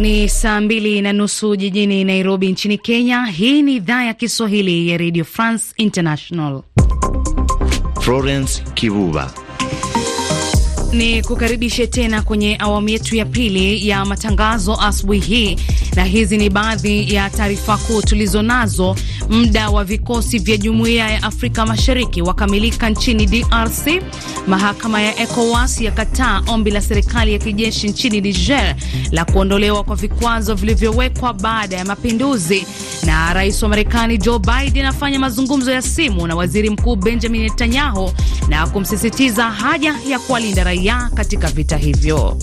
Ni saa mbili na nusu jijini Nairobi nchini Kenya. Hii ni idhaa ya Kiswahili ya Radio France International. Florence Kibuba ni kukaribishe tena kwenye awamu yetu ya pili ya matangazo asubuhi hii, na hizi ni baadhi ya taarifa kuu tulizo nazo Muda wa vikosi vya jumuiya ya Afrika Mashariki wakamilika nchini DRC. Mahakama ya ECOWAS yakataa ombi la serikali ya kijeshi nchini Niger la kuondolewa kwa vikwazo vilivyowekwa baada ya mapinduzi. Na rais wa Marekani Joe Biden afanya mazungumzo ya simu na waziri mkuu Benjamin Netanyahu na kumsisitiza haja ya kuwalinda raia katika vita hivyo.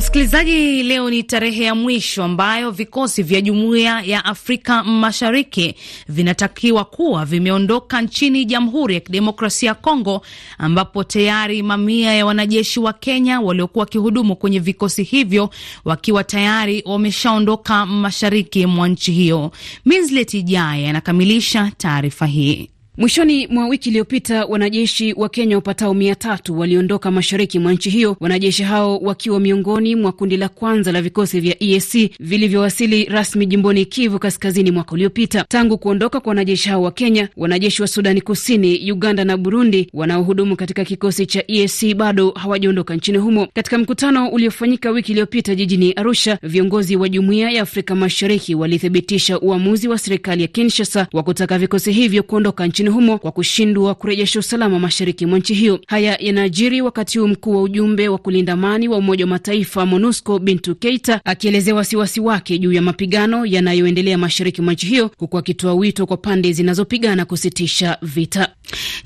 Msikilizaji, leo ni tarehe ya mwisho ambayo vikosi vya Jumuiya ya Afrika Mashariki vinatakiwa kuwa vimeondoka nchini Jamhuri ya Kidemokrasia ya Kongo, ambapo tayari mamia ya wanajeshi wa Kenya waliokuwa wakihudumu kwenye vikosi hivyo wakiwa tayari wameshaondoka mashariki mwa nchi hiyo. Minslet Jaya anakamilisha taarifa hii. Mwishoni mwa wiki iliyopita wanajeshi wa Kenya wapatao mia tatu waliondoka mashariki mwa nchi hiyo, wanajeshi hao wakiwa miongoni mwa kundi la kwanza la vikosi vya EAC vilivyowasili rasmi jimboni Kivu Kaskazini mwaka uliopita. Tangu kuondoka kwa wanajeshi hao wa Kenya, wanajeshi wa Sudani Kusini, Uganda na Burundi wanaohudumu katika kikosi cha EAC bado hawajaondoka nchini humo. Katika mkutano uliofanyika wiki iliyopita jijini Arusha, viongozi wa Jumuiya ya Afrika Mashariki walithibitisha uamuzi wa serikali ya Kinshasa wa kutaka vikosi hivyo kuondoka nchini humo kwa kushindwa kurejesha usalama mashariki mwa nchi hiyo. Haya yanaajiri wakati huu mkuu wa ujumbe wa kulinda amani wa Umoja wa Mataifa MONUSCO Bintu Keita akielezea wasiwasi wake juu ya mapigano yanayoendelea mashariki mwa nchi hiyo, huku akitoa wito kwa pande zinazopigana kusitisha vita.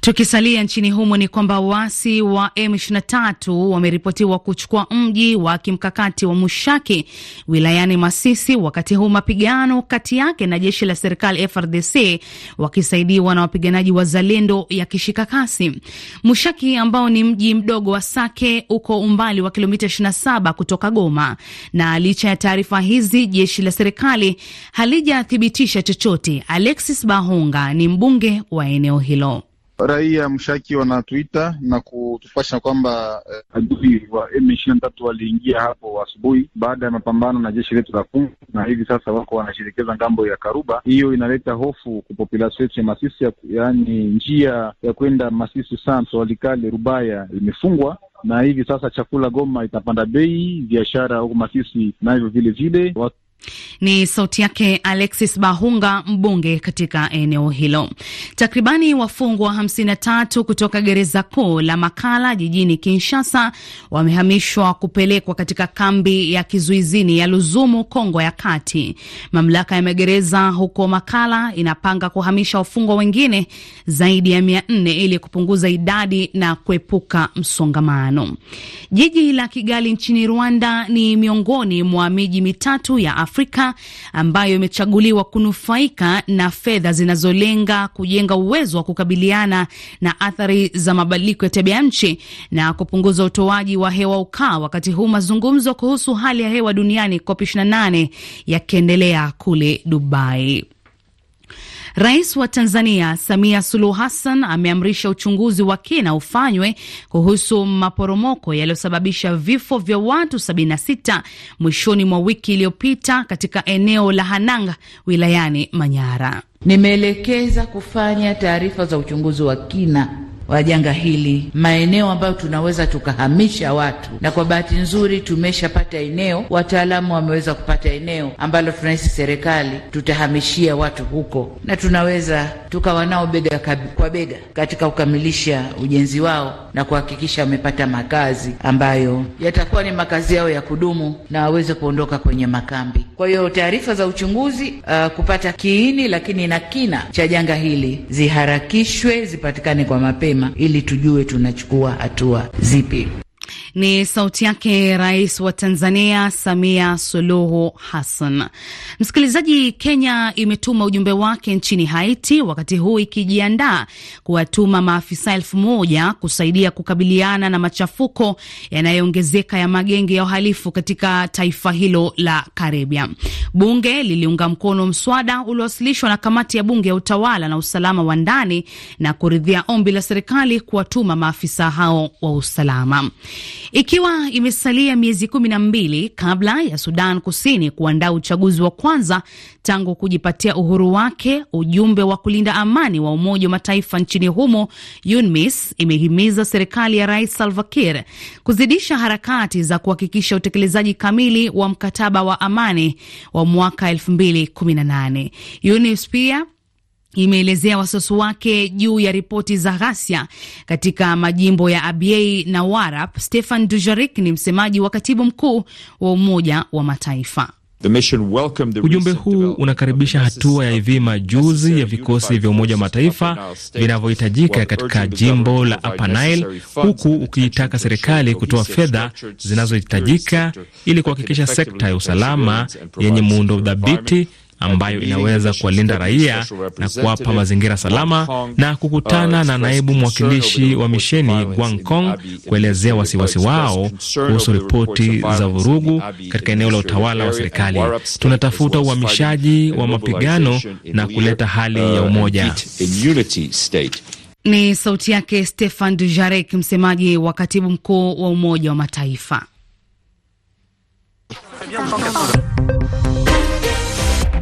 Tukisalia nchini humo ni kwamba waasi wa M23 wameripotiwa kuchukua mji wa kimkakati wa Mushaki wilayani Masisi, wakati huu mapigano kati yake na jeshi la serikali FRDC wakisaidiwa na wapigana wapiganaji wazalendo kishika kasi. Mushaki ambao ni mji mdogo wa Sake uko umbali wa kilomita 27 kutoka Goma, na licha ya taarifa hizi jeshi la serikali halijathibitisha chochote. Alexis Bahonga ni mbunge wa eneo hilo raia mshaki wanatuita na kutupasha kwamba eh, adui wa m tatu waliingia hapo asubuhi baada ya mapambano na jeshi letu la Kongo, na hivi sasa wako wanashirikiza ngambo ya Karuba. Hiyo inaleta hofu kwa population yetu ya Masisi, yaani njia ya kwenda Masisi Centre, Walikale, Rubaya imefungwa na hivi sasa chakula Goma itapanda bei, biashara huko Masisi navyo vile vile watu ni sauti yake Alexis Bahunga, mbunge katika eneo hilo. Takribani wafungwa 53 kutoka gereza kuu la Makala jijini Kinshasa wamehamishwa kupelekwa katika kambi ya kizuizini ya Luzumu, Kongo ya Kati. Mamlaka ya magereza huko Makala inapanga kuhamisha wafungwa wengine zaidi ya 400 ili kupunguza idadi na kuepuka msongamano. Jiji la Kigali nchini Rwanda ni miongoni mwa miji mitatu ya Afrika Afrika ambayo imechaguliwa kunufaika na fedha zinazolenga kujenga uwezo wa kukabiliana na athari za mabadiliko ya tabia nchi na kupunguza utoaji wa hewa ukaa, wakati huu mazungumzo kuhusu hali ya hewa duniani COP28 yakiendelea kule Dubai. Rais wa Tanzania Samia Suluhu Hassan ameamrisha uchunguzi wa kina ufanywe kuhusu maporomoko yaliyosababisha vifo vya watu 76 mwishoni mwa wiki iliyopita katika eneo la Hanang wilayani Manyara. Nimeelekeza kufanya taarifa za uchunguzi wa kina wa janga hili, maeneo ambayo tunaweza tukahamisha watu, na kwa bahati nzuri tumeshapata eneo, wataalamu wameweza kupata eneo ambalo tunahisi serikali tutahamishia watu huko, na tunaweza tukawa nao bega kwa bega katika kukamilisha ujenzi wao na kuhakikisha wamepata makazi ambayo yatakuwa ni makazi yao ya kudumu na waweze kuondoka kwenye makambi. Kwa hiyo taarifa za uchunguzi uh, kupata kiini lakini na kina cha janga hili ziharakishwe, zipatikane kwa mapema mapema ili tujue tunachukua hatua zipi. Ni sauti yake Rais wa Tanzania Samia Suluhu Hassan. Msikilizaji, Kenya imetuma ujumbe wake nchini Haiti wakati huu ikijiandaa kuwatuma maafisa elfu moja kusaidia kukabiliana na machafuko yanayoongezeka ya magenge ya uhalifu katika taifa hilo la Karibia. Bunge liliunga mkono mswada uliowasilishwa na kamati ya bunge ya utawala na usalama wa ndani na kuridhia ombi la serikali kuwatuma maafisa hao wa usalama. Ikiwa imesalia miezi kumi na mbili kabla ya Sudan Kusini kuandaa uchaguzi wa kwanza tangu kujipatia uhuru wake, ujumbe wa kulinda amani wa Umoja wa Mataifa nchini humo UNMISS imehimiza serikali ya Rais Salva Kiir kuzidisha harakati za kuhakikisha utekelezaji kamili wa mkataba wa amani wa mwaka 2018. UNMISS pia imeelezea wasiwasi wake juu ya ripoti za ghasia katika majimbo ya Abyei na Warap. Stefan Dujarik ni msemaji wa katibu mkuu wa Umoja wa Mataifa. Ujumbe huu unakaribisha hatua ya hivi majuzi ya vikosi vya Umoja wa Mataifa vinavyohitajika katika jimbo la Upper Nile, huku ukiitaka serikali kutoa fedha zinazohitajika ili kuhakikisha sekta ya usalama yenye muundo dhabiti ambayo inaweza kuwalinda raia na kuwapa mazingira salama, na kukutana na naibu mwakilishi wa misheni kong kuelezea wasiwasi wao kuhusu ripoti za vurugu katika eneo la utawala wa serikali. Tunatafuta uhamishaji wa mapigano na kuleta hali ya umoja. Uh, Ni sauti yake Stefan Dujarek, msemaji wa katibu mkuu wa Umoja wa Mataifa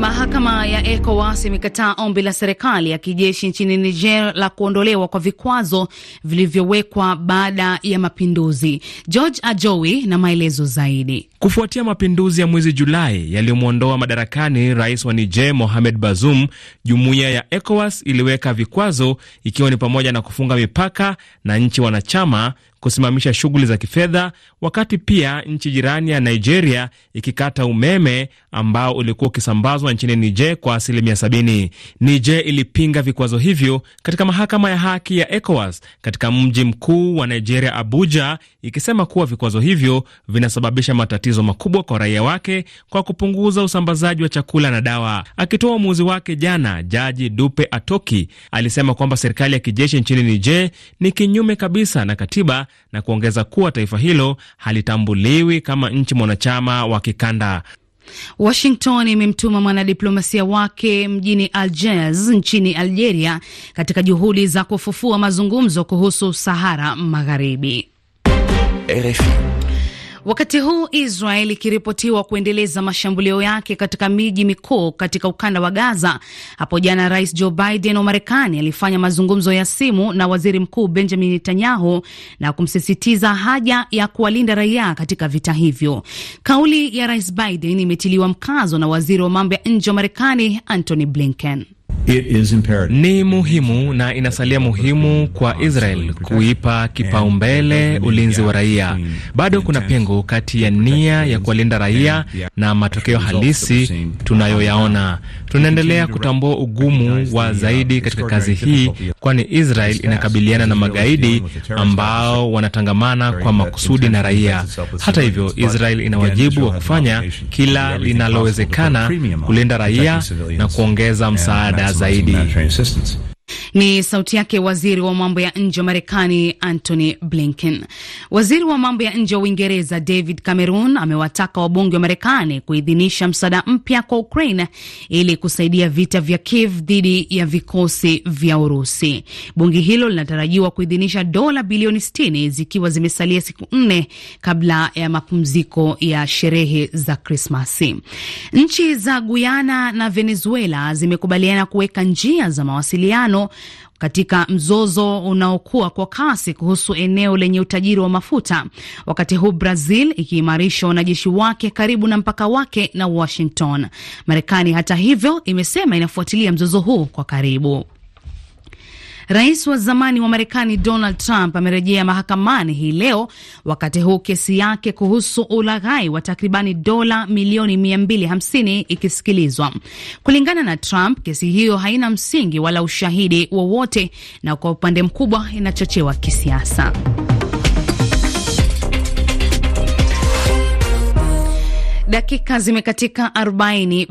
Mahakama ya ECOWAS imekataa ombi la serikali ya kijeshi nchini Niger la kuondolewa kwa vikwazo vilivyowekwa baada ya mapinduzi. George Ajowi na maelezo zaidi. Kufuatia mapinduzi ya mwezi Julai yaliyomwondoa madarakani rais wa Niger Mohamed Bazoum, jumuiya ya ECOWAS iliweka vikwazo, ikiwa ni pamoja na kufunga mipaka na nchi wanachama kusimamisha shughuli za kifedha, wakati pia nchi jirani ya Nigeria ikikata umeme ambao ulikuwa ukisambazwa nchini Niger kwa asilimia sabini. Niger ilipinga vikwazo hivyo katika mahakama ya haki ya ECOWAS katika mji mkuu wa Nigeria, Abuja, ikisema kuwa vikwazo hivyo vinasababisha matatizo makubwa kwa raia wake kwa kupunguza usambazaji wa chakula na dawa. Akitoa uamuzi wake jana, Jaji Dupe Atoki alisema kwamba serikali ya kijeshi nchini Niger ni kinyume kabisa na katiba na kuongeza kuwa taifa hilo halitambuliwi kama nchi mwanachama wa kikanda. Washington imemtuma mwanadiplomasia wake mjini Algiers nchini Algeria katika juhudi za kufufua mazungumzo kuhusu Sahara Magharibi. RFI. Wakati huu Israel ikiripotiwa kuendeleza mashambulio yake katika miji mikuu katika ukanda wa Gaza, hapo jana Rais Joe Biden wa Marekani alifanya mazungumzo ya simu na Waziri Mkuu Benjamin Netanyahu na kumsisitiza haja ya kuwalinda raia katika vita hivyo. Kauli ya Rais Biden imetiliwa mkazo na waziri wa mambo ya nje wa Marekani Antony Blinken. It is imperative. Ni muhimu na inasalia muhimu kwa Israel kuipa kipaumbele ulinzi wa raia. Bado kuna pengo kati ya nia ya kuwalinda raia na matokeo halisi tunayoyaona. Uh, Tunaendelea kutambua ugumu wa uh, zaidi katika kazi hii, kwani Israel inakabiliana na magaidi ambao wanatangamana kwa uh, makusudi na raia. Hata hivyo, Israel ina wajibu wa kufanya kila linalowezekana kulinda raia na kuongeza msaada zaidi Ni sauti yake waziri wa mambo ya nje wa Marekani Antony Blinken. Waziri wa mambo ya nje wa Uingereza David Cameron amewataka wabunge wa Marekani kuidhinisha msaada mpya kwa Ukraine ili kusaidia vita vya Kiev dhidi ya vikosi vya Urusi. Bunge hilo linatarajiwa kuidhinisha dola bilioni 60 zikiwa zimesalia siku nne kabla ya mapumziko ya sherehe za Krismasi. Nchi za Guyana na Venezuela zimekubaliana kuweka njia za mawasiliano katika mzozo unaokuwa kwa kasi kuhusu eneo lenye utajiri wa mafuta, wakati huu Brazil ikiimarisha wanajeshi wake karibu na mpaka wake na Washington. Marekani hata hivyo, imesema inafuatilia mzozo huu kwa karibu. Rais wa zamani wa Marekani Donald Trump amerejea mahakamani hii leo, wakati huu kesi yake kuhusu ulaghai wa takribani dola milioni 250 ikisikilizwa. Kulingana na Trump, kesi hiyo haina msingi wala ushahidi wowote, na kwa upande mkubwa inachochewa kisiasa. Dakika zimekatika 40.